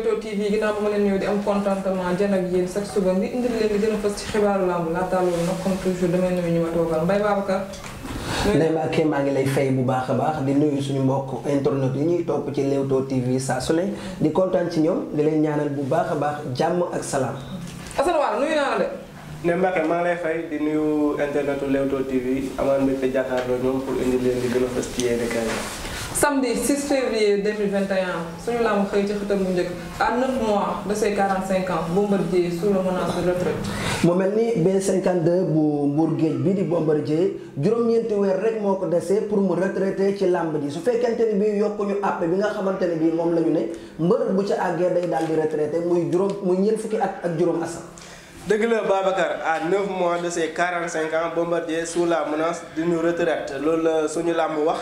Leewtoo TV ginnaaw ba ma leen ñëw di am contentement jën ak yéen chaque suba ngi indil leen di gën a fës ci xibaaru làmb laataa loolu nag maa ngi lay fay bu baax a baax di suñu mbokk internet yi ñuy topp ci Leewtoo TV saa su ne di kontaan ci ñoom di leen ñaanal bu baax a baax jàmm ak salaam. asalaamaaleykum nuyu naa de. ne Mbacke maa ngi lay fay di nuyu internetu Leewtoo TV amaan mbégte jàkkaarloo ñoom pour indil leen di gën a fës ci yéen samedi 6 février 2021 suñu làmb xëy ci xëtam bu njëkk à 9 mois de ses 45 ans Bombardier sous la menace de retraite. mel ni B52 bu Mbour Géej bii di Bombardier juróom-ñeenti rek moo ko desee pour mu retraité ci làmb ji su fekkente ni bii yokkuñu àpp bi nga xamante ne bii moom la ñu ne mbër bu ca àggee day daal di retraité muy juróom muy fukki at ak juróom asam. dëgg la Babacar à 9 mois de ses 45 ans Bombardier sous la menace d'une retraite loolu la suñu làmb wax.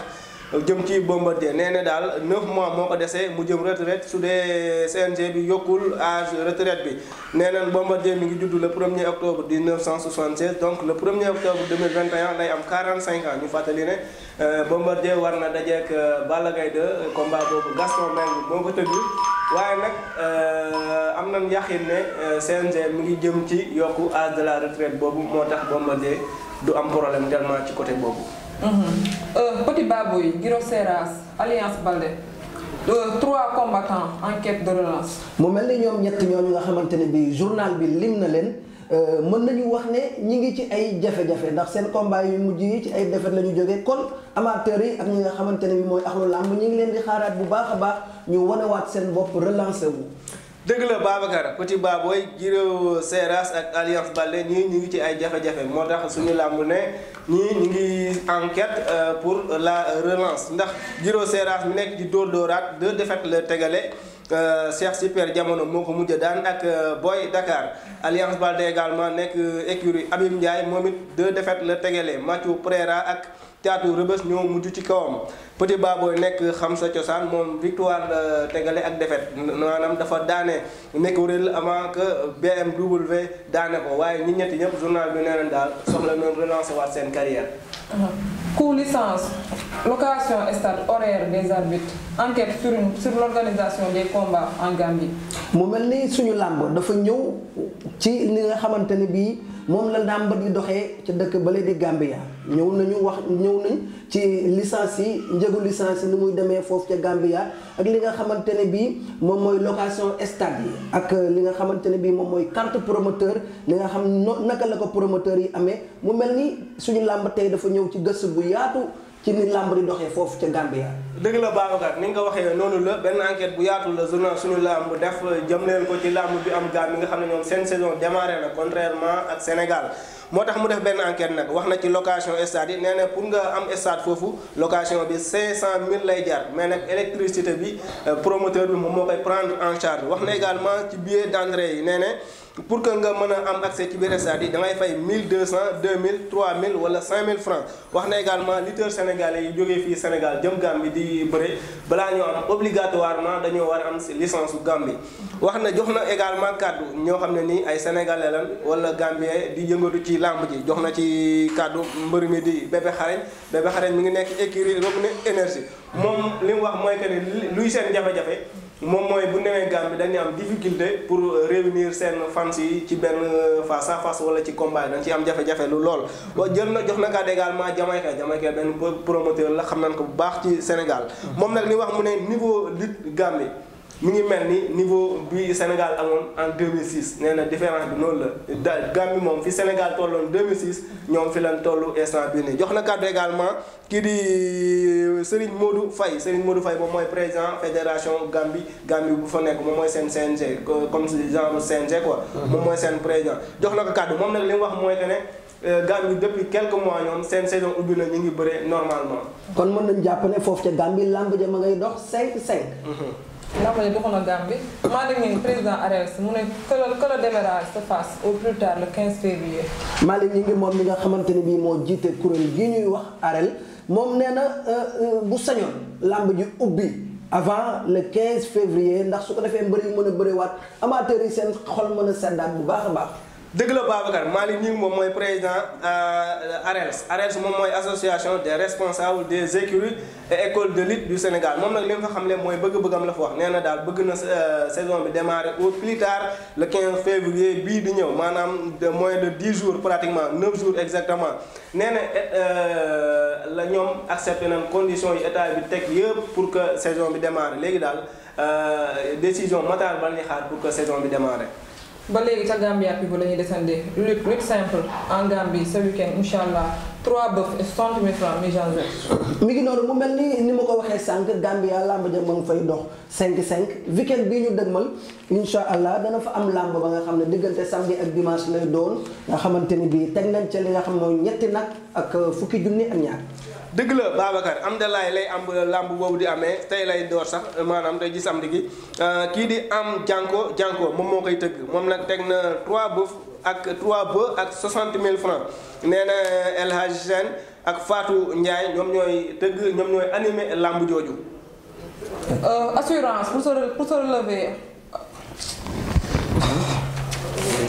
jëm ci Bombardier nee na daal 9 mois moo ko desee mu jëm retraite su dee CNG bi yokkul âge retraite bi nee nañ Bombardier mi ngi juddu le 1er octobre 1976 donc le 1er octobre 2021 lay am 45 ans ñu fàttali ne euh, Bombardier war na dajeek euh, Balla Gaye 2 euh, combat boobu Gaston Mbengue moo ko tëgg waaye nag am na yaqin ne CNG mu ngi jëm ci yokku âge de la retraite boobu moo tax Bombardier du am problème tellement ci côté boobu. Euh, Petit Baboy Guiro Seras Alliance Baldé euh, trois combattants en quête de relance. mu mel ni ñoom ñett ñooñu nga xamante ne bii journal bi lim na leen euh, mën nañu wax ne ñi ngi ci ay jafe-jafe ndax seen combat yu mujj yi ci ay défaite la ñu jógee kon amateurs yi ak ñi nga xamante ne bii mooy axlu làmb ñi ngi leen di xaaraat bu baax a baax ñu wanewaat seen bopp relancer wu. dëgg la Babacar Petit Baboy Giro Seras ak Alliance Baldé ñii ñu ngi ci ay jafe-jafe moo tax suñu làmb ne ñii ñu ngi enquête euh, pour la relance ndax Giro Seras mi nekk di dóor dóoraat deux défaites la tegale euh, Cheikh Super jamono moo ko mujj daan ak euh, Boy Dakar Alliance Baldé également nekk écurie Abim Ndiaye moom it de défaites la tegale Mathieu Prera ak. caatu rëbës ñoo mujj ci kawam Petit Baboy nekk xam sa cosaan moom victoire tegale ak défaite maanaam dafa daane nekk wurel avant que BMW daane ko waaye ñi ñetti ñëpp journal bi nee nañ daal soxla noonu relancer waat seen carrière coût licence location stade horaire des arbitres enquête sur sur l'organisation des combats en Gambie mu mel ni suñu làmb dafa ñëw ci li nga xamante ne bii moom la làmb di doxee ca dëkk bale di Gambia ñëw nañu wax ñëw nañ ci licence yi njëgu licence yi ni muy demee foofu ca Gambia ak li nga xamante ne bii moom mooy location stade yi ak li nga xamante ne bii moom mooy carte promoteur li nga xam naka la ko promoteur yi amee mu mel ni suñu làmb tey dafa ñëw ci gëstu bu yaatu ci ni làmb di doxee foofu ca Gambia. dëgg la Babacar ni nga ko waxee noonu la benn enquête bu yaatu la journal suñu làmb def jëm leen ko ci làmb bi am Gambie nga xam ne ñoom seen saison démarré na contrairement ak Sénégal. moo tax mu def benn enquête nag wax na ci location stade yi nee na pour nga am stade foofu location bi cent 500000 lay jar mais nag électricité bi euh, promoteur bi moom moo koy prendre en charge wax na également ci billet dengrais yi nee na. pour que nga mën a am accès ci biir stade yi da ngay fay 1200 2000 3000 wala 5000 francs wax na également lutteurs sénégalais yi jógee fii Sénégal jëm Gambie di bëre balaa ñoo am obligatoirement dañoo war a am licence Gambie. wax na jox na également kàddu ñoo xam ne nii ay sénégalais lan wala Gambien di jëngatu ci làmb ji jox na ci kàddu mbër mi di Bébé Xarañ Bébé Xarañ mi ngi nekk écurie Robinet énergie moom li mu wax mooy que ni luy seen jafe moom mooy bu demee Gambie dañuy am difficulté pour euh, réunir seen fans yi ci benn euh, face à face wala ci combat yi dañ ciy am jafe-jafe lu lool. boo jël na jox na kaat également Jamaïca Jamaïca benn promoteur la xam nañ ko bu baax ci Sénégal. Mm. moom nag ni wax mu ne niveau lutte Gambie. mi ngi mel ni niveau bi Sénégal amoon en 2006 nee na différence bi noonu la da Gambie moom fi Sénégal tolloon 2006 ñoom fi lan toll instant bii nii jox na kàddu également kii di euh, Serigne Modou fay Serigne Modou fay moom mooy président fédération Gambie Gambie bu fa nekk moom mooy seen CNG euh, comme genre CNG quoi. Mhm. moom mooy seen président jox na ko kàddu moom nag li mu wax mooy que ne euh, Gambie depuis quelques mois ñoom seen saison ubbi na ñu ngi bëre normalement. kon mën nañu jàpp ne foofu ca Gambie lamb ja ma ngay dox mhm. L'Assemblée du Gambie, Madame le président Arels, que le démarrage se fasse au plus tard le 15 février. Madame ngi moom mi nga xamante ne bii moo jiite kuréel gi ñuy wax Arel moom nee na bu sañoon làmb ji ubbi avant le 15 février ndax su ko defee mbër yi mën a bëriwaat amateurs yi seen xol man a seddaat bu baax a baax. dëgg la Babacar Malick moom mooy président euh, ARELS ARELS moom mooy association des responsables des écuries et écoles de lutte du Sénégal moom nag li mu fa xam ne mooy bëgg-bëggam la fa wax nee na daal bëgg na euh, saison bi démarrer au plus tard le 15 février bii di ñëw maanaam de moins de 10 jours pratiquement 9 jour exactement nee na euh, la ñoom accepté nañ condition yi état bi teg yëpp pour que saison bi démarrer léegi daal décision Matar Ba la ñuy xaar pour saison bi démarrer. ba léegi ca Gambia bi la ñuy descendre lutte lutte simple en Gambie ce week-end incha allah 3 bœufs et 60 000 francs mi janvier. mi ngi noonu mu mel ni ni ma ko waxee sànq Gambia làmb ja ma ngi fay dox 5-5 week-end bii ñu dëgmal incha allah dana fa am làmb ba nga xam ne diggante samedi ak dimanche lay doon nga xamante ni bii teg nañ ca li nga xam ne ñetti nag ak fukki junni ak ñaar. dëgg la Babacar am dalaay lay am làmb boobu di amee tey lay door sax maanaam tey ji samedi gi euh, kii di am jànko jànko moom moo koy tëgg moom nag teg na 3 ak trois bë ak 60 mille francs nee na El Hadj ak faatu Ndiaye ñoom ñooy tëgg ñoom ñooy animé làmb jooju. Euh, assurance pour se pour se relever.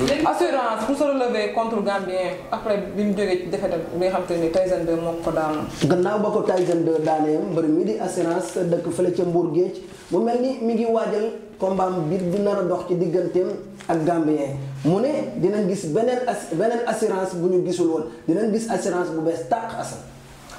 assurance pour se relever contre Gambien après bi mu jógee ci défaite bi nga xam te ni Tyson 2 moo ko daanoon. gannaaw ba ko Tyson 2 daanee mbër mi di assurance dëkk fële ca Mbour Géej mu mel ni mi ngi waajal combat bi di nar a dox ci digganteem ak Gambien mu ne dinañ gis beneen as beneen assurance bu ñu gisul woon dinañ gis assurance bu bees tàq asal.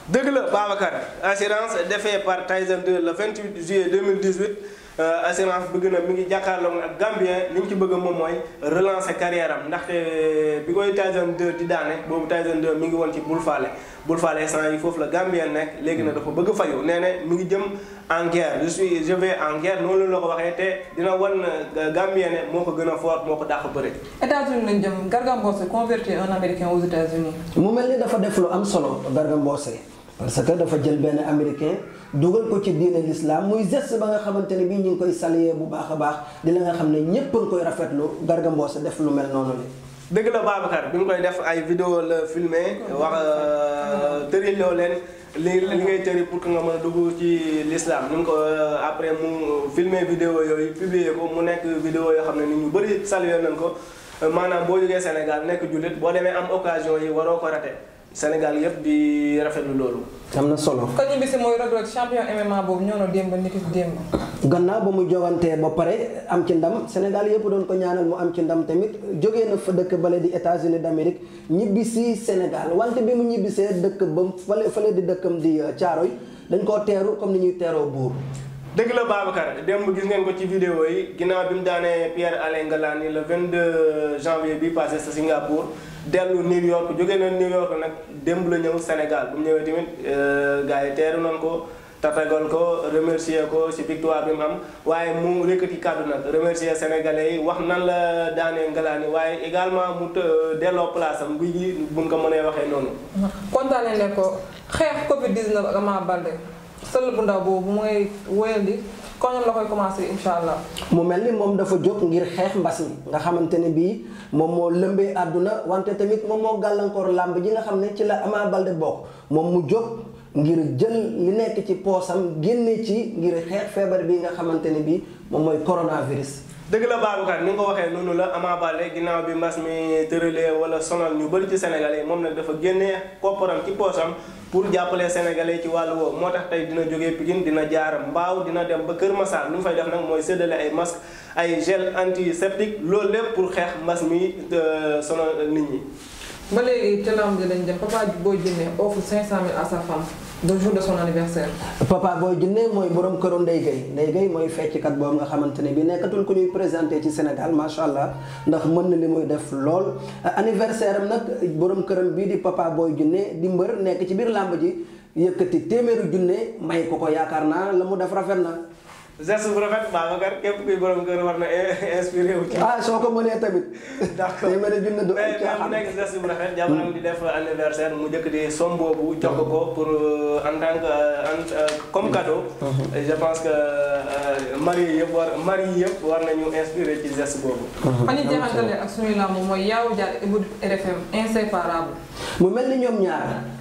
dëgg la Babacar assurance défait par Tyson 2 le 28 juillet 2018. Euh, assurance bëgg na mi ngi jàkkaarloo ak Gambien li ñu ci bëgg moom mooy relancer carrière am ndaxte euh, bi koy Tyson 2 di daane boobu Tyson 2 mi ngi woon ci bul faale bul faale sant yi foofu la Gambien nekk léegi na dafa bëgg fayu nee na mi ngi jëm en guerre je suis je vais en guerre noonu ko waxee te dina wan euh, Gambien ne moo ko gën a fort moo ko dàq bëri. États-Unis lañ jëm Garga Mbossé converti en américain aux États-Unis mu mel ni dafa def lu am solo Garga Mbossé parce que dafa jël benn américain dugal ko ci diine l'islam muy geste ba nga xamante ne bii ñu ngi koy saluer bu baax a baax di la nga xam ne ñépp a koy rafetlu Garga Mbossé def lu mel noonu li dëgg la Babacar bi mu koy def ay vidéo la filmé wax euh, tëriloo leen li li ngay tëri pour que nga mën dugg ci lislaam ni mu ko euh, après mu filmé vidéo yooyu publié ko mu nekk vidéo yoo xam ne nit ñu bëri saluer nañ ko euh, maanaam boo jógee Sénégal nekk jullit boo demee am occasion yi waroo ko raté Sénégal yëpp di rafetlu loolu. am na solo. ko ñu bisi mooy Reug Reug champion MMA boobu ñoo doon démb nit ki démb. gannaaw ba mu jogantee ba pare am ci ndam Sénégal yëpp doon ko ñaanal mu am ci ndam tamit jógee na fa dëkk bale di États-Unis d'Amérique ñibbisi Sénégal wante bi mu ñibbisee dëkk ba fa fale di dëkkam di caaro euh, yi dañ koo teeru comme ni ñuy teeroo buur. dëgg la Babacar démb gis ngeen ko ci vidéo yi ginnaaw bi mu daanee Pierre Alain Ngalani le 22 janvier bi passé sa Singapour. dellu New York jóge na New York nag démb la ñëw Sénégal bu mu ñëwee tamit euh, gars yi teeru nañ ko tatagal ko remercier ko ci victoire bi mu am waaye mu yëkkati kàddu nag remercier sénégalais wax nan la daanee ngalaani waaye également mu delloo place am guy gi buñ ko mënee waxee noonu. kontaanee ne xeex Covid 19 ak Ama Baldé sëll bu ndaw boobu mooy wéyandi koñam la koy commencé incha allah. mu mel ni moom dafa jóg ngir xeex mbas mi nga xamante ne bii moom moo lëmbee àdduna wante tamit moom moo gàllankoor làmb ji nga xam ne ci la Ama Baldé bokk moom mu jóg ngir jël li nekk ci poosam génne ci ngir xeex feebar bii nga xamante ne bii moom mooy coronavirus. dëgg la baarukaan ni nga ko waxee noonu la Ama Baldé ginnaaw bi mbas mi tëralee wala sonal ñu bëri ci sénégalais moom nag dafa génne kopparam ci poosam pour jàppale sénégalais ci wàll woo moo tax tey dina jógee Pikine dina jaar mbaaw dina dem ba Kër Massar lu mu fay def nag mooy séddale ay masque ay gel antiseptique loolu lépp pour xeex mbas mi euh, sonal nit ñi. ma léegi ca lamb ji lañ def Papa Boy Djiné offre 500000 à sa femme. le jour de son anniversaire. Papa Boy Djiné mooy borom këru Ndeye Gueye Ndeye Gueye mooy fecckat boobu nga xamante ne bi nekkatul ku ñuy présenté ci Sénégal macha allah ndax mën na li muy def lool. anniversaire am nag borom këram bii di Papa booy Djiné di mbër nekk ci biir làmb ji yëkkati téeméeru junne may ko ko yaakaar naa la mu def rafet na. geste bu rafet Babacar képp kuy borom kër war na inspiré ci. ah soo ko mënee tamit. d' accord mais mu nekk geste bu rafet. mu di def anniversaire mu njëkk di somme boobu jox ko pour en tant que comme cadeau. je pense que eh, mari yëpp war mari yëpp war nañu inspiré ci geste boobu. Hmm. fan yi jeexantale ak suñu lamb mooy Yawou mu mel ni ñoom ñaar.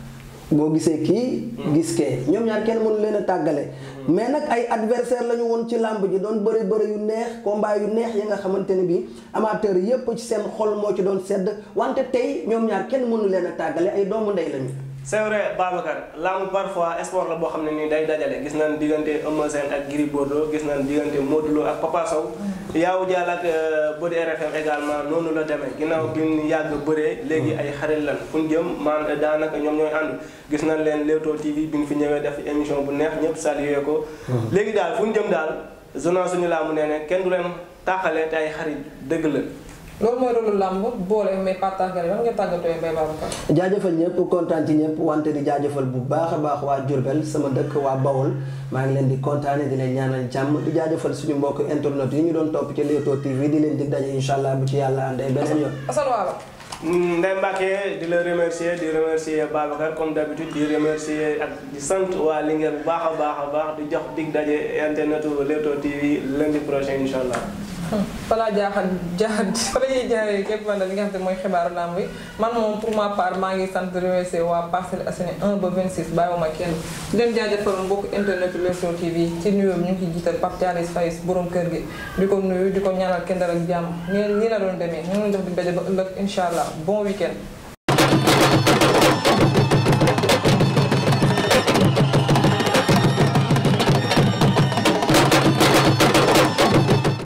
boo gisee kii mm. gis kee ñoom ñaar kenn mënu leen a tàggale mm. mais nag ay adversaire la ñu woon ci làmb ji doon bëri bëri yu neex combat yu neex yi nga xamante ne bi amateur yépp ci seen xol moo ci doon sedd wante tey ñoom ñaar kenn mënu leen a tàggale ay doomu ndey lañu c'est vrai Babacar làmb parfois sport la boo xam ne nii day dajale gis nañ diggante Eumeu Sène ak Gris Bordeaux gis nañ diggante Modou Lo ak Papa Sow. Mm. Yawou Dial ak euh, Bodi RFM également noonu la demee ginnaaw bi ñu yàgg bëree léegi mm. ay xarit lan fu ñu jëm maanaam euh, daanaka ñoom ñooy ànd gis nañ leen Leewtoo TV bi ñu fi ñëwee def émission bu neex ñëpp salué ko. Mm. léegi daal fu ñu jëm daal journal suñu mu nee ne kenn du leen taaxalee te ay xarit dëgg la. loolu mooy rôle làmb boole mais partage lan nga tàggatoo Mbaye Babacar jaajëfal ñëpp kontaan ci ñëpp wante di jaajëfal bu baax a baax waa Diourbel sama dëkk waa Bawol maa ngi leen di kontaane di leen ñaanal jàmm di jaajëfal suñu mbokk internet yi ñu doon topp ci Leewtoo TV di leen di daje incha allah bu ci yàlla àndee beneen yoon asalwaala mm, Ndeye Mbacke di la remercier di remercier Babacar comme d'habitude di remercier ak di sant waa Linguère bu baax a baax a baax di jox dig daje internetu Leewtoo TV lundi prochain incha allah balaa jaaxal jaaxal fa la ñuy jaaree képp man li nga xam mooy xibaar lamb bi man moom pour ma part maa ngi sant remercier waa Parcelles Assainies 1 ba 26 bàyyiwuma kenn di leen jaajëfaloon mbokk internet Leewtoo TV ci nuyoo bi ñu ngi ciy jiital Pape Thialis Faye borom kër gi di ko nuyu di ko ñaanal kenn dal ak jàmm nii nii la doon demee ñu ngi jox di daje ëllëg incha allah bon week